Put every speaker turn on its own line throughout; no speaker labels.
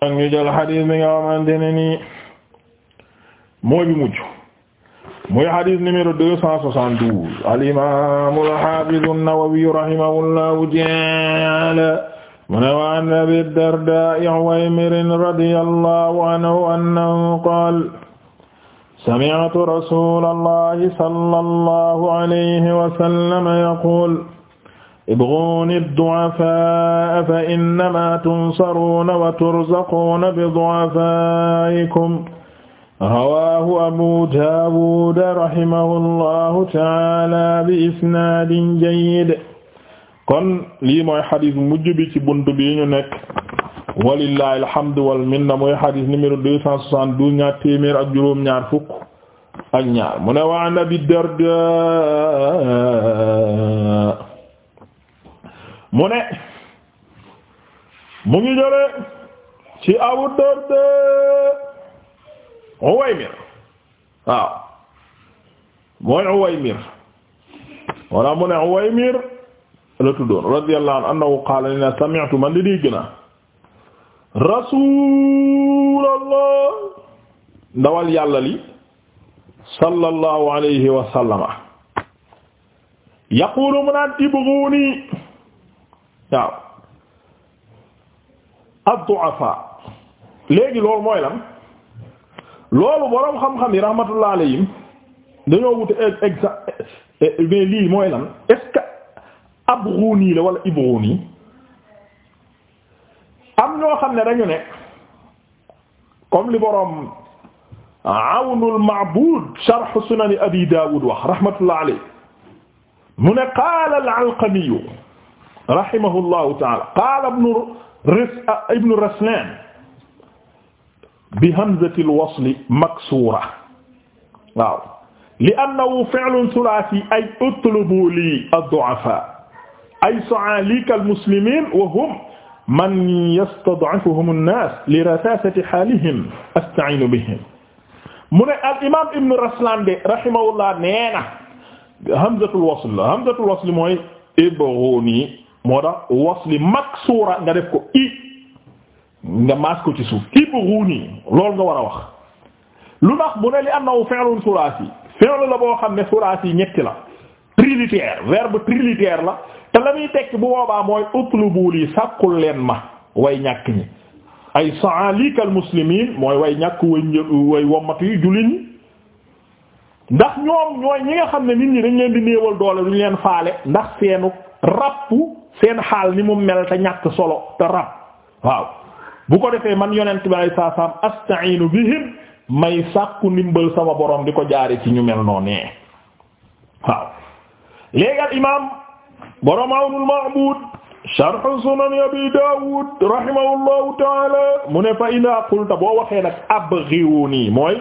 ak ñu jël xadis bi nga xamante ne nii mooy bi mujj muy xadis numéro deux cent soixante-douze al imam al hafiz an-Nawawi rahimahullahu ta'ala mu ne wa an Abi Darda Uwaymir radiyallahu anhu annahu qaala sami'tu rasulallahi sallallahu alayhi wa sallam yaqul ibghuni ad-du'afaa fa innamaa tunsaruuna wa turzaquuna bi du'afaa'ikum rawaahu abu daawud rahimahullahu ta'aala bi isnaadin jayyid kon lii mooy xadis mujj bi ci bunt bi ñu nekk walillahi alhamdu wal minna mooy xadis numéro deux cent soixante-douze ñaar téeméer ak juróom ñaar fukk ak ñaar mu ne wa an abi darda mu ne mu ngi jële ci Abu Darda Uwaymir waaw mooy Uwaymir wala mu ne Uwaymir la tuddoon radiyallahu anhu annahu qaala inna sami'tu man di dégg na Rasulullah ndawal yàlla li sallallahu alayhi wa sallama yaqulu mu naan ibghuni waaw ad-du'afa léegi loolu mooy lan loolu boroom xam-xam yi rahmatullah alayhim dañoo wute e-, exa e-, e-, mais lii mooy lan est-ce que abruni la wala ibruni am ñoo xam ne dañu ne comme li boroom awnul ma'bud sharh sunan abi dawud wax rahmatullah alayhi mu ne qaala al-alqami rahimahullahu ta'ala qaala ah, ibnu Raslan bi hamzati al-wasli maksuura waaw li annahu fi'lun thulathi ay utlubu li ad-du'afa ay su'alika al-muslimin wa hum man yastad'ifuhum an-nas li rathasati halihim asta'inu bihim mu ne al-imam ibnu Raslan de rahimahullah nee na hamzatul wasl la hamzatul wasl mooy ibghuni moo tax wasli suura nga def ko i nga maas ko ci suuf ibghuni loolu nga war a wax lu tax bu ne li annahu fi'lun thulathi fi'l la boo xam ne thulathi ñetti la trilitère verbe trilitère la te la muy tekki bu boobaa mooy utlubu yi sàkkul leen ma way ñàkk ñi ay sa'alikal muslimin mooy way ñàkk way way wommatu yu jullit ñi ndax ñoom ñooy ñi nga xam ne nit ñi dañ leen di néewal doole duñ leen faale ndax seenu ràppu seen xaal ni mu mel te ñàkk solo te rab waaw bu ko defee man yonent bi ay saa saam asta'iinu bihim may sàkku ndimbal sama boroom di ko jaare ci ñu mel noonee waaw léegal imaam borom Awnul Ma'buud sharh sunan Abi Daawud rahimahullahu ta'ala mu ne fa idaa qulta boo waxee nag abghiwuni mooy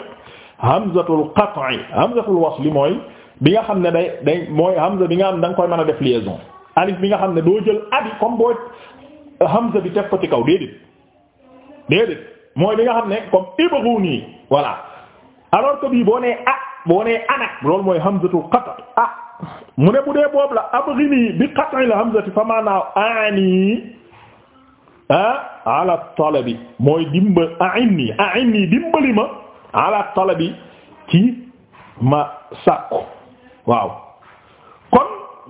hamzatul qat'i hamzatul wasli mooy bi nga xam ne day day mooy hamza bi nga xam ne da nga koy mën def liaison alif bi nga xam ne doo jël abi comme boo hamza bi teg ko ci kaw déedéet déedéet mooy bi nga xam ne comme ibghuni voilà alors que bii boo nee ah boo nee anak loolu mooy hamzatul qat ah mu ne bu dee boobu la abghini bi qat'i la hamzati fa maanaaw aani ah ala talabi mooy dimba a'inni a'inni dimbali ma ala talabi ci ma sàkku waaw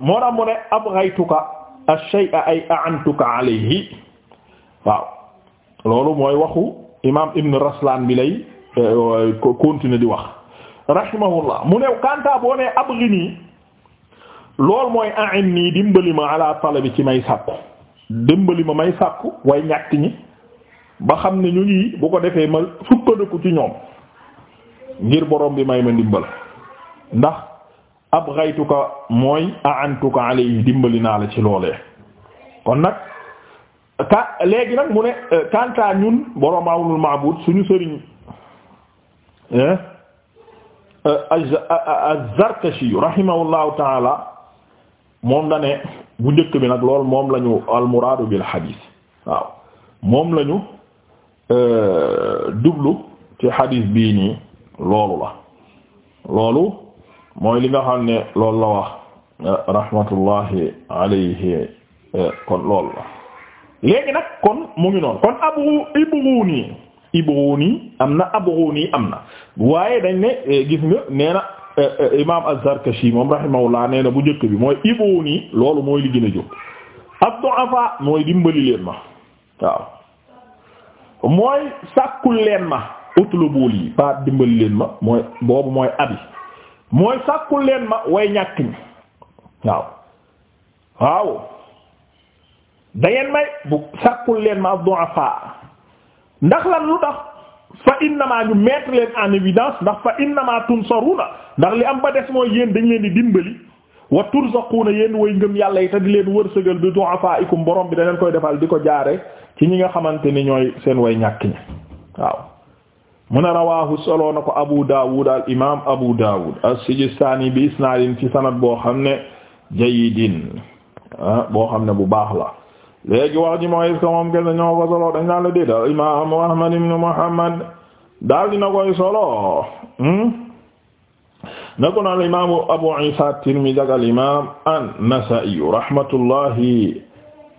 moo tax mu ne abghaytuka ash ay a'antuka alayhi waaw loolu mooy waxu imaam Ibn Raslan bi lay eh, continuer di wax rahimahullah mu ne kanta boo ne abghini loolu mooy a'inni dimbali ma ala talabi ci may sàkku dimbali ma may sàkku way ñàkk ñi ba xam ne ñu ngi bu ko defee ma sukkandiku ci ñoom ngir borom bi may ma ndimbal ndax abghaytuka mooy a'antuka alayhi dimbali naa la ci loolee kon nag ka léegi nag mu ne kanta ñun borom awnul ma'bud suñu sëriñ az-Zarkashi rahimahullahu taala moom da ne bu njëkk bi nag lool moom la ñu almuraadu bil xadiis waaw moom lañu ñu euh, ci xadiis bii nii loolu la loolu mooy li nga xam ne loolu la wax rahmatullahi alayhi kon loolu la léegi nag kon mu ngi noonu kon abu ibghuni ibghuni am na abghuni am na waaye dañ ne e, gis nga nee na e, e, imam az-Zarkashi moom rahimahullah nee na bu njëkk bi mooy ibghuni loolu mooy li gën a jóg ad mooy dimbali leen ma waaw mooy sàkkul leen ma utlubu li ba dimbali leen ma mooy boobu mooy abi mooy sàkkul leen ma woy ñàkk ñi waaw waaw dangeen may bu sàkkul leen ma ad-du'afa ndax la lu tax fa innamaa ñu mettre leen en évidence ndax fa innamaa tunsaruna ndax li am ba des mooy yéen dañ leen di dimbali wa turzaquna yéen woy ngëm yàlla yi te di leen wërsëgal bi du'afaikum borom bi da leen koy defal di ko jaare ci ñi nga xamante ni ñooy seen woy ñàkk ñi waaw mu ne solo na ko Abu Dawud al imaam Abu Dawud as-Sijistaani bi isnaadin ci sanad boo xam ne jayyidin ah, boo xam ne bu baax la léegi wax ji mooy est-ce solo dañ naan la déet Ahmad ibn Muhammad daal dina koy solo hmm? na ko naan imaam Abu Isa at-Tirmidhi ak al imaam an-Nasaa'i rahmatullahi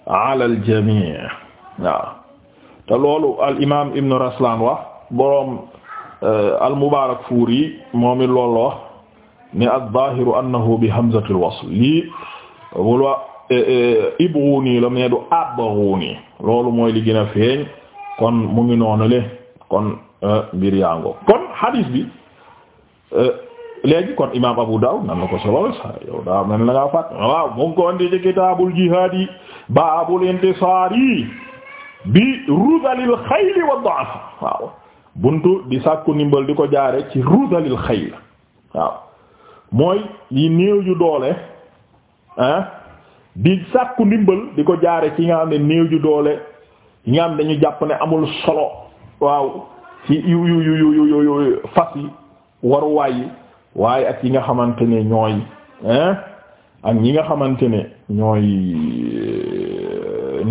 ala al jamii' waaw loolu al imaam Ibn Raslan wax. boroom eh, al-Mubaarakfuuri moom it loolu wax ne az-zaahiru annahu bi hamzatil wasl lii wala eh, eh, la mais du loolu mooy li a feeñ kon mu ngi noonule kon mbir kon hadis bi léegi kon imaam Abu Dawud nan ko solo sa yow daa mel na ngaa fàtt waaw mu ko andi ci kitaabul jihaad yi baabul intisaar yi bi rudalil xayli wa du'afa waaw buntu di sàkku ndimbal di ko jaare ci rusalil xayr waaw mooy yi néew ju doole ah di sàkku ndimbal di ko jaare ci nga xam ne néew ju doole yi nga xam ne dañu jàpp ne amul solo waaw ci yu yu yu yu yu fas yi waruwaay waaye ak yi nga xamante ne ñooy ak ñi nga xamante ne ñooy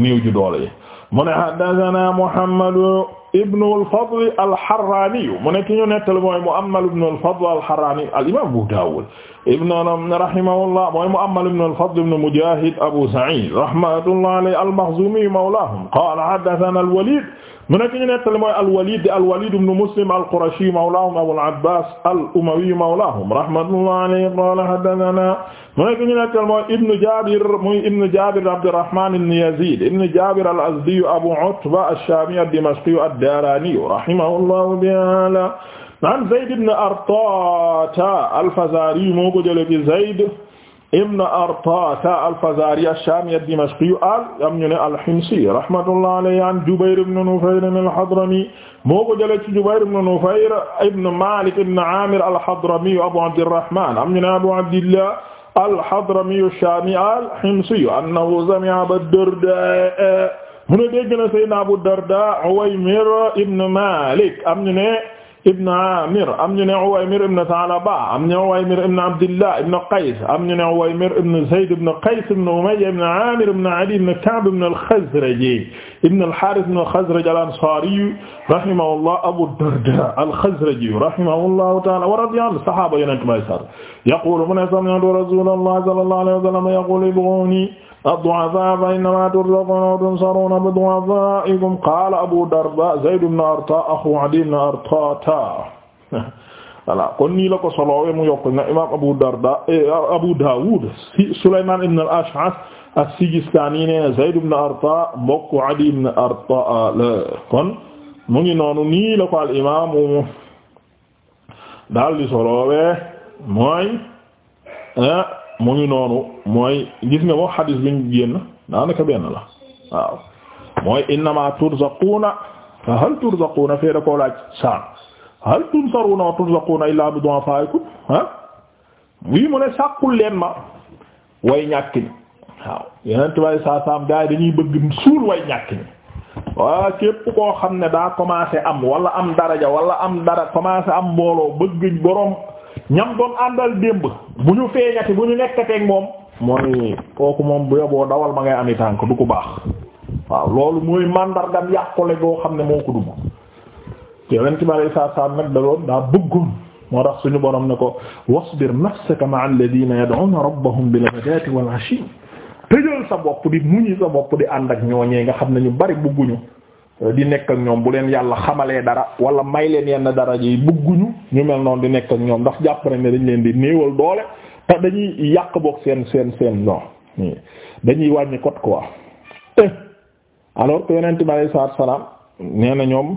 néew ju doole yi mu ne haddathana Muhammadu ibnu al-Fadl al-Harrani mu nekk ñu nettali mooy Mu'ammal ibnu al-Fadl al-Harrani al-imam Abu Dawud ibnu rahimahullah mooy Mu'ammal ibnu al-Fadl ibnu Mujahid Abu Sa'id rahmatullahi alayhi al-Makhzumi mawlahum qala haddathana al-Walid mu ne ki ñu nettali mooy al-Walid al-Walid ibn Muslim al-Qurashi mawlaahum Abul Abbaas al-Umawi mawlaahum rahmatullahi alayhi qala haddathana mu ne ki ñu nettali mooy Ibn Jabir muy Ibn Jabir Abdurrahman ibn Yazid Ibn Jabir al-Azdi Abu Utba ash-Shami ad-Dimashqi ad-Darani rahimahullahu ta'ala an Zayd ibn Artata al-Fazari moo ko jëlee ci Zayd ibn Artasa al-Fazari ash-Shami ad-Dimashqi am ñu ne al-Himsi rahmatullah alayhi an Jubayr ibn Nufayr al-Hadrami moo ko jëlee ci Jubayr ibn Nufayr ibn Malik ibn Amir al-Hadrami Abu Abdirrahman am ñu ne Abu Abdillah al-Hadrami ash-Shami al-Himsi annahu sami'a Aba Darda mu ne dégg na Sayyidina Abu Darda Uwaymir ibn Malik am ñu ne ibn Amir am ñu ne Uwaymir ibn Thalaba am ñu ne Uwaymir ibn Abdillah ibn Qays am ñu ne Uwaymir ibn Zayd ibn Qays ibn Umayya ibn Amir ibn Adi ibn Ka'b ibn al-Khazraji ibn al-Harith ibn al-Khazraj al-Ansari rahimahullah Abu Darda al-Khazraji rahimahullahu ta'ala wa radiya anhu sahaba yonent may sar yaqulu mu ne sami'tu Rasulullah sallallahu alayhi wa sallam yaqulu ad-du'afaa fa innamaa turzaquuna wa tunsaruuna bi-du'afaa'ikum qaala Abuu Dardaa Zayd ibn Artaa axu Adiyy ibn Artaa voilà kon nii la ko soloowe mu yokk na imaam Abuu Dardaa eh, Abuu Daawuud Sulaymaan ibn al-Ash'ath as-Sijistaani nee na Zayd ibn Artaa mbokk Adiyy ibn Artaa la kon mu ngi noonu nii la ko al imaamu daal di soloowe mooy eh, mu ngi noonu mooy gis nga boo xadis bi ñu génn daanaka benn la waaw mooy innama turzaquuna fa hal turzaquuna fee da koo laaj saar hal tunsaruuna wa turzaquuna illaa bi du'afaa'ikum ah wii mu ne sàkkul leen ma way ñàkk ñi waaw yeneen tubaab yi saa dañuy bëgg suul way ñàkk ñi képp koo xam ne daa commencé am wala am daraja wala am dara commencé am mbooloo bëgg boroom. ñam doon àndal démb bu ñu feeñati bu ñu nekkateeg moom mooy kooku moom bu yoboo dawal ma ngay ami tànk du ko baax waaw loolu mooy màndargam yàqule goo xam ne moo ko dugg te yonent bi alayhi salaatu nag da doon daa bëggoon moo tax suñu borom ne ko wasbir nafsaka ma'a alladhina yad'una rabbahum bil ghadati wal ashi tëjal sa bopp di muñi sa bopp di ànd ak ñooñee nga xam ne ñu bari bëgguñu di nekk ak ñoom bu leen yàlla xamalee dara wala may leen yenn dara yi bëgguñu ñu mel noonu di nekk ak ñoom ndax jàpp nañ ne dañu leen di néewal doole te dañuy yàq boog seen seen seen non dañuy wàññi kot quoi eh, alors que yonent bi alayhi salaatu salaam nee na ñoom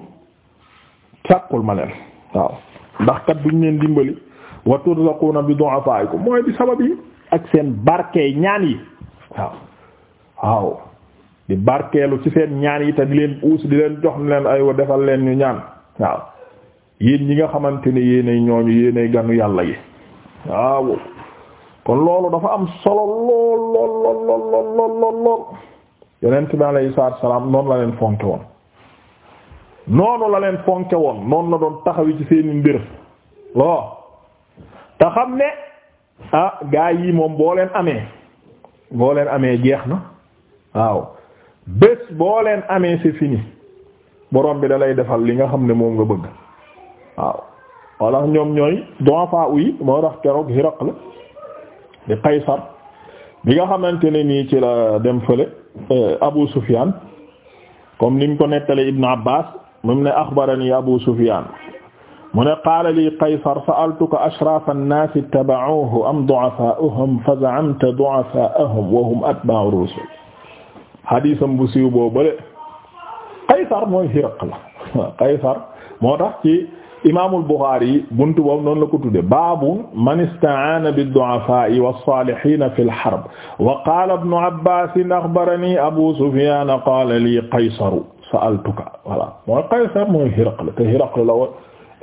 sàkkul ma leen waaw ndax kat buñ leen dimbali wa turzaquna bi du'afaikum mooy bi sabab yi ak seen barke ñaan yi waaw waaw di barkeelu ci seen ñaan yi te di leen uus di leen jox ne leen aywa defal leen ñu ñaan waaw yéen ñi nga xamante ne yéenay ñooñu yéenay ganu yàlla yi waaw kon loolu dafa am solo lool lool lool lool lool lool lool yonent bi alayhi salaatu salaam noonu la leen fonke woon noonu la leen fonke woon noonu la doon taxawi ci seeni mbir loo te xam ne ah gaa yi moom boo leen amee boo leen amee jeex na waaw bés boo leen amee c'est fini borom bi da lay defal li nga xam ne moom nga bëgg waaw walla ñoom ñooy donfa uy moo tax keroog Hiraql di Qaysar bi nga xamante ne nii ci la dem fële eh, Abu Sufyan comme niñ ko nettale Ibn Abbas mu ne axbarani Abu Sufyan mu ne qaala li Qaysar sa'altuka ashraf an-nas ittaba'uhu am du'afa'uhum fa za'amta du'afa'ahum wa hum atba'u rusul xadiisam bu siiw boo bële Qaysar mooy Hiraql la Qaysar moo tax ci imaamul Buxaari buntu boobu noonu la ko tudde baabu man ista'aana bid-du'afaa'i was-saalihiina fil harb wa qaala ibnu Abbaas axbaranii Abuu Sufyaan qaala lii Qaysar sa'altuka voilà mooy Qaysar mooy Hiraql la te Hiraql la woon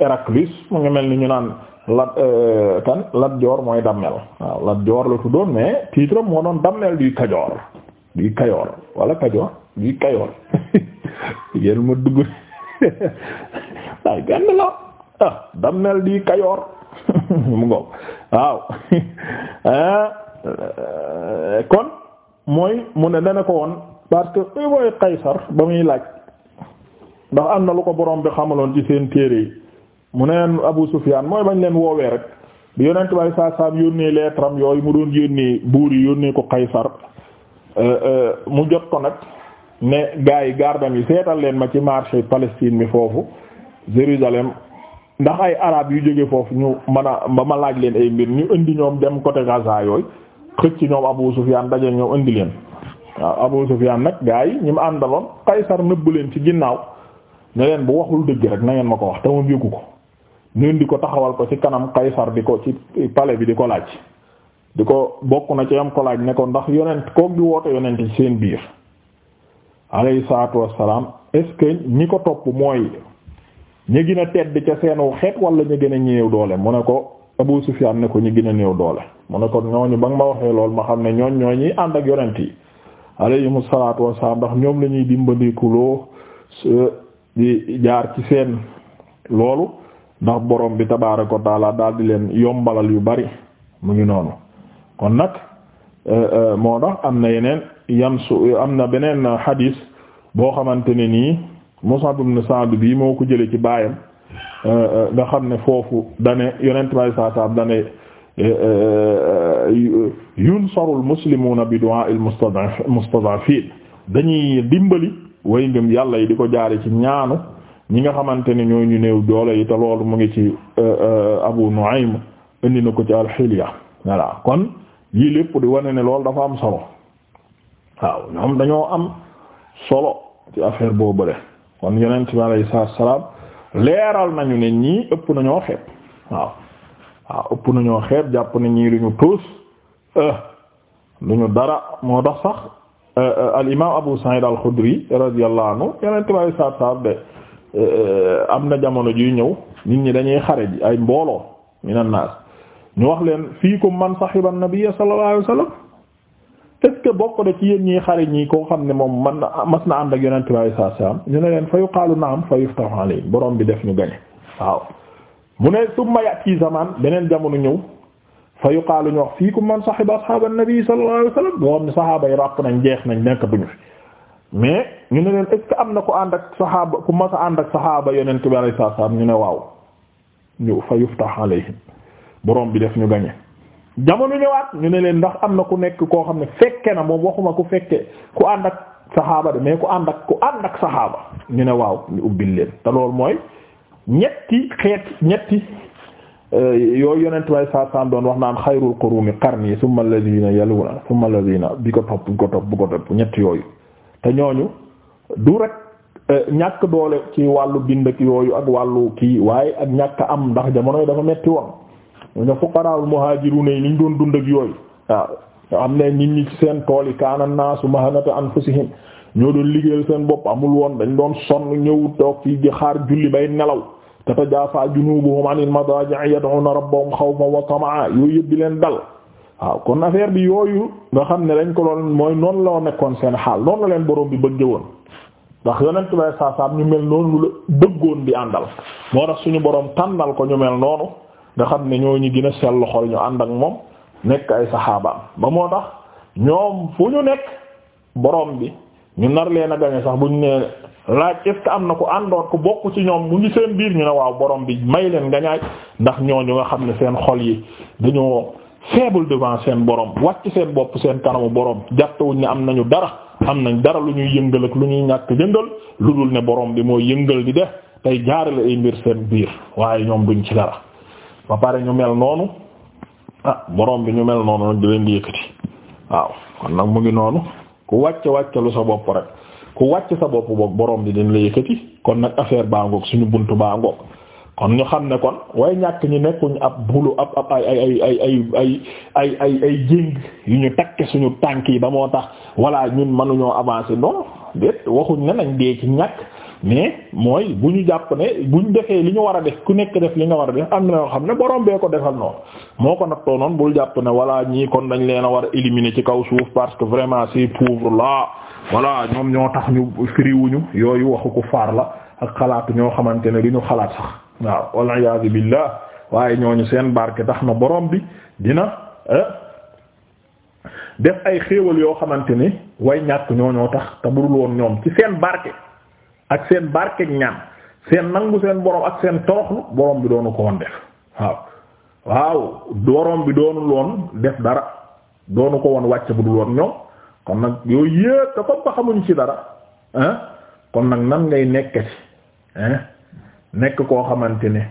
Héraclius mu ngi mel ni ñu naan Lat euh, kan Lat Joor mooy Dammel waaw Lat Joor la tuddoon mais titre moo doon Dammel du Kajoor di kayoor wala kajoor di kayoor yéen ma dugg waaye benn la ah dammel di kayoor mu ngoog waaw ah, eh, kon mooy mu ne dana ko woon parce que mooy Qaysar ba muy laaj ndax am na lu ko borom bi xamaloon ci seen téere yi mu neen Abu Sufyaan mooy bañ leen woowee rek bi yonent bay saa saam yónnee leetaram yooyu mu doon yónnee buur yi yónnee ko Qaysar Euh, euh, mu jot ko nag ne gars yi gardam yi seetal leen ma ci marché Palestine mi foofu Jérusalem ndax ay arab yu jóge foofu ñu mën a ba ma laaj leen ay mbir ñu indi ñoom dem côté Gaza yooyu xëcc ñoom Abu Sufyan daje ñoom indi leen waaw Abu Sufyan nag gars yi ñi mu àndaloon Qaysar nëbbu leen ci ginnaaw ne leen bu waxul dëgg rek na ngeen ma ko wax te moom yëgu ko ñu indi ko taxawal ko ci kanam Qaysar di ko ci pale bi di ko laaj di ko bokk na ci am ko laaj ne ko ndax yonent koog di woote yonent seen biir alayhi salaatu wassalaam est-ce ñi ko topp mooy ñi gën a tedd ca seenu xeet wala ñu gën a ñëw doole mu ne ko Abu am ne ko ñi gina a néew doole mu ne ko ñooñu ba nga ma waxee lool ma xam ne ñooñ ñoo ñuy ànd ak yonent yi alayhimu salaatu wassalaam ndax ñoom lañuy ñuy dimbandikuloo di jaar ci seen loolu ndax borom bi tabaaraka wa taala daal di leen yombalal yu bari mu ngi noonu kon nag euh, euh, moo tax am na yeneen yamsu am na beneen hadis boo xamante ne nii Mus'ab ibn Sa'd bii moo ko jëlee ci baayam euh, nga xam ne foofu dane yonent bay saa saam dane yunsarul muslimuuna bi du'aa'il mustad'afiin dañuy dimbali way ngëm yàlla yi di ko jaare ci ñaanu ñi nga xamante ne ñoo ñu néew doole yi te loolu mu ngi ci Abu Nu'aym indi na ko ci al-Hilya kon lii lépp di wane ne loolu dafa am solo waaw ñoom dañoo am solo ci affaire boobu de kon yonent bi alayhi salaam leeral nañu ne ñii ëpp nañoo xeeb waaw waaw ëpp nañoo xeeb jàpp ne ñii duñu tuus eh, duñu dara moo tax sax eh, eh, al imaam Abu Sa'id al-Khudri radiyallahu anhu yonent bi alayhi salaam de am na jamono juy ñëw nit ñi dañuy xare ay mbooloo ñu wax leen fiikum man sahiba nabiyya sallallahu alayhi wasallam est ce que bokk da ci yéen ñi xarit ñi xam ne moom man mas na ànd ak yonent bi sallallahu alayhi wasallam ñu ne leen fa yuqaalu na'am fa yuftahu alayhi borom bi def ñu gañe waaw mu ne summa ya'ti zaman beneen jamono ñëw fa yuqaalu ñu wax fiikum man sahiba ashaba an-nabi sallallahu alayhi wasallam boo xam yi ràpp nañ jeex nañ nekk duñu mais ñu ne am na ku ànd ak sahaaba ku mas a ànd ak sahaaba yonent bi sallallahu alayhi ñu ne waaw ñu fa yuftahu alayhim borom bi def ñu gañe jamono ñëwaat ñu ne leen ndax am na ku nekk koo xam ne fekke na moom waxuma ku fekke ku ànd ak saxaaba de mais ku ànd ak ku ànd ak saxaaba ñu ne waaw ñu ubbil leen te loolu mooy ñetti xeet ñetti euh, yooyu yonent way saa saa doon wax naan xayrul quruni qarni summa alladhina yaluna summa alladhina bi ko topp bu ko topp bu ko topp ñett yooyu te ñooñu du rek euh, ñàkk doole ci wàllu bind ak yooyu ak wàllu kii waaye ak ñàkk am ndax jamono yi dafa metti woon mu ne fuqaraul muhajiruna yi niñ doon dund ak yooyu waaw nga xam ne nit seen tool yi kaana naasu mahanata anfusihim ñoo doon liggéeyal seen bopp amul woon dañ doon sonn ñëw toog ci di xaar julli bay nelaw tatajaafaa junuubuhum anil madaaji'i yad'uuna rabbahum xawfan wa tamaa yooyu yëpp di leen dal waaw kon affaire bi yooyu nga xam ne dañ ko doon mooy noonu la nekkoon seen xaal noonu leen boroom bi bëgge woon ndax yonent bay saasaam ñu mel noonu la bëggoon bi àndal moo tax suñu boroom tànnal ko ñu mel noonu nga xam ne ñoo ñi gën a sell xol ñu ànd ak moom nekk ay saxaabaam ba moo tax ñoom fu ñu nekk borom bi ñu nar leen a gañe sax bu ñu nee laaj est-ce am na ku àndoon ku bokk ci ñoom mu ngi seen biir ñu ne waaw boroom bi may leen gañaay ndax ñoo ñu nga xam ne seen xol yi dañoo faible devant seen borom wàcc seen bopp seen kanamu borom jàppewuñ ne am na ñu dara am nañ dara lu ñuy yëngal ak lu ñuy ñàkk yëngal lu dul ne borom bi moo yëngal di de tey jaarale ay mbir seen waaye ñoom duñ ci dara. ba pare ñu mel noonu ah borom bi ñu mel noonu nag di leen di yëkkati waaw kon nag mu ngi noonu ku wàcc wàcc lu sa bopp rek ku wàcc sa bopp boog borom bi dina la kon nag affaire baa ngoog suñu buntu baa ngoog kon ñu xam ne kon way ñàkk ñi nekkuñ ab bulu ab ab ay ay ay ay ay ay ay jéng yu ñu takke suñu tànk yi ba moo tax walla ñun mënuñoo avancer non déet waxuñ ne nañ dee ci ñàkk. mais mooy bu ñu jàpp ne bu ñu defee li ñu war a def ku nekk def li nga war a def am na yoo xam ne borom bee ko defal noonu moo ko nattoo noonu bul jàpp ne voilà ñii kon dañ leen a war a éliminer ci kaw suuf parce que vraiment ces pauvres là voilà ñoom ñoo tax ñu firiwuñu yooyu waxu ko faar la ak xalaatu ñoo xamante ne du ñu xalaat sax waaw walla iyaazu billaah waaye ñooñu seen barke tax na borom bi dina eh, def ay xéewal yoo xamante ni way ñàkk ñoo tax te budul woon ñoom ci seen barke. ak seen barkeeg ñaan seen nangu seen borom ak seen toroxlu borom bi doonu ko won def waaw waaw borom bi doonu loon def dara doonu ko woon wàcc bu dul woon ñoom kon nag yooyu yëpp te ba xamuñ ci dara ah kon nag nan ngay nekkati ah nekk koo xamante ne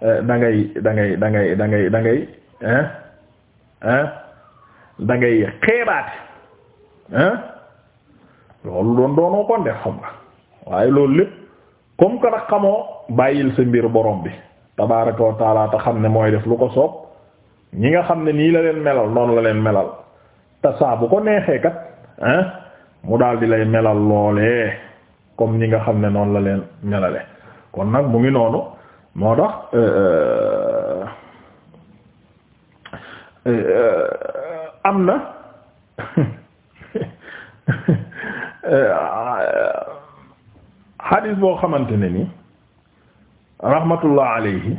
da ngay da dangay da ngay da ngay da loolu doon doonoo kon def xam nga. waaye loolu lépp comme que nag xamoo bàyyil sa mbir borom bi tabaaraka wa xam ne mooy def lu ko soob ñi nga xam ne nii la leen melal noonu la leen melal te saa bu ko neexee kat mu daal di lay melal loolee comme ñi nga xam ne noonu la leen melale kon nag mu ngi noonu moo tax euh, euh, euh, am na. xadis boo xamante ne ni rahmatullah alayhi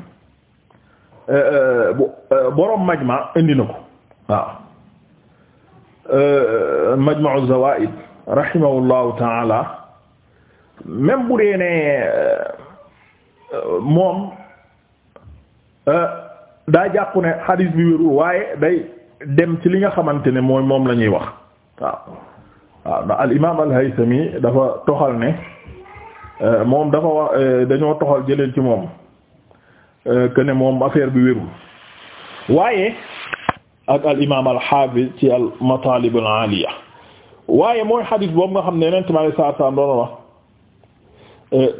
euh, euh, euh, borom majma indi na ko waaw majma'u zawaid rahimahullahu taala même bu dee ne moom daa jàpp ne xadis bi wérul waaye day dem ci li nga xamante ne mooy moom la ñuy wax waaw waaw ndax al imam al haythami dafa toxal ne Euh, moom dafa wax euh, dañoo toxal jëlee ci moom euh, que ne moom affaire bi wérul waaye al imaam al xaafiz ci al mataalib al aaliya waaye mooy xadiis boobu nga xam ne yeneen tamit saa saa doon wax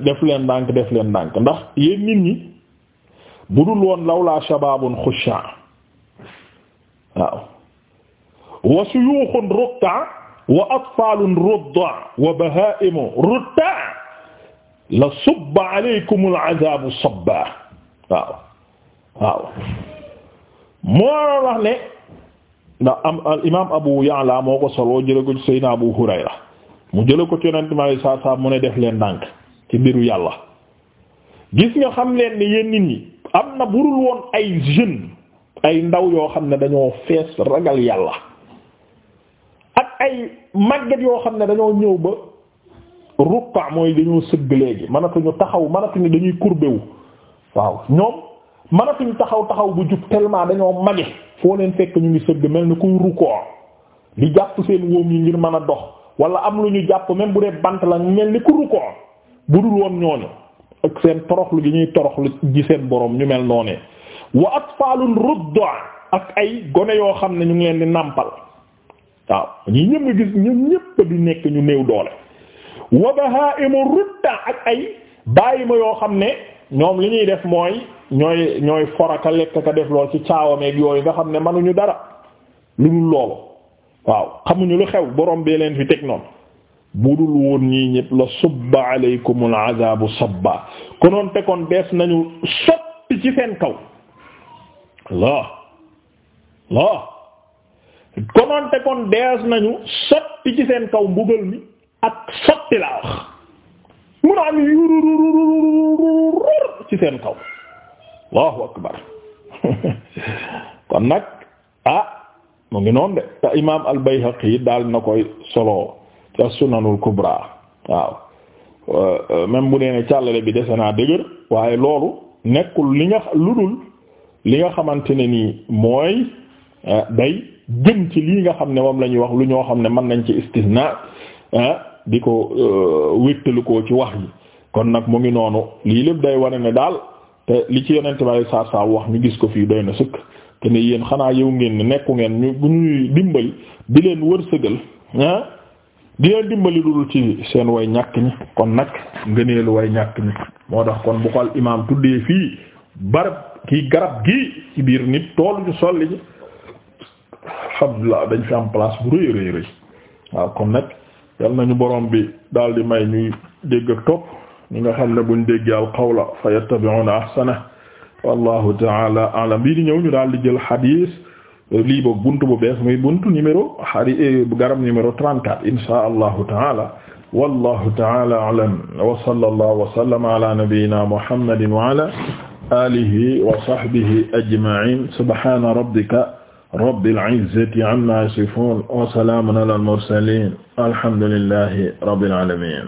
def leen ndànk def leen ndànk ndax yéen nit ñi budul woon lawlaa shabaabun xushaa wa suyuuxun rukka wa atfaalun rudda wa bahaa'imu rutta la subba aleykumul azaabu sabba waaw waaw moo wax ne ndax am al imaam Abu Ya'la moo ko soloo jële ko ci Seydina Abu Hurayra mu jële ko ci Yonent mi alayhi mu ne def leen ndànk ci mbiru yàlla gis nga xam leen ne yéen nit ñi am na burul woon ay jeunes ay ndaw yoo xam ne dañoo fees ragal yàlla ak ay màgget yoo xam ne dañoo ñëw ba ruqa mooy dañoo sëgg léegi mënatuñu taxaw mënatuñu dañuy courbé wu waaw ñoom manatuñu taxaw taxaw bu jub tellement dañoo mage foo leen fekk ñu ngi sëgg mel ni kuy rukkoo li jàpp seen wóom yi ngir mën a dox wala am lu ñu jàpp même bu dee bant la mel ni ku rukkoo bu dul woon ñooñu ak seen toroxlu gi ñuy toroxlu ji seen boroom ñu mel noonee wa atfalun rudda ak ay gone yoo xam ne ñu ngi leen di nàmpal waaw ñi ñëpp gis ñoom ñëpp di nekk ñu néew doole wa bahaa'imu rudda ak ay bàyyi ma yoo xam ne ñoom li ñuy def mooy ñooy ñooy foraka lekk ka def lool ci caawameeg yooyu nga xam ne mënuñu dara lu dul loolu waaw xamuñu lu xew borom bee leen fi teg noonu bu dul woon ñii ñëpp la subba alaykumul azaabu sabba konoon te kon dees nañu sotti ci seen kaw laa laa konoon te dees nañu sotti ci seen kaw mbugal mi ak sotti wax mun a am yurururururur ci seen kaw Allahu akbar kon nag ah mu ngi noon de te imaam al-Bayhaqi daal na koy solo ca sunanul kubra waaw euh, euh, même bu nee ne càllale bi dese naa dëgër waaye loolu nekkul li nga lu dul li nga xamante ni nii mooy euh, day jëm ci lii nga xam ne moom la ñuy wax lu ñoo xam ne mën nañ ci istisna di ko euh, wéttalu koo ci wax yi kon nag mu ngi noonu lii lépp day ware ne daal te li ci yonent bi saa saa wax ñu gis ko fii doy na sëkk te ne yéen xanaa yow ngeen nekku ngeen ñu bu ñuy dimbali di leen wërsëgal ah di leen dimbali dul ci seen way ñàkk ñi kon nag ngëneelu way ñàkk ñi moo tax kon bu ko al imaam tuddee fii barab kii garab gii ci biir nit toolu ci solli ji alhamdulilah dañ fi am place bu rëy rëy rëy waaw kon nag yal nañu borom bi daal di may ñuy dégg ak topp ñi nga xam ne buñ déggee al qawla fa yattabi'una ahsana wallahu taala alam bii di ñëw ñu daal di jël hadis lii ba buntu bu bees muy buntu numéro hadis eh, garab numéro 34 insha allahu taala wallahu taala alam wa sallallahu wa sallama ala nabiyyina muhammadin wa ala alihi wa sahbihi ajma'in subhana rabbika rabbil izzati amma yasifun wa salaamun alal mursaliin alhamdulillahi rabbil aalamiin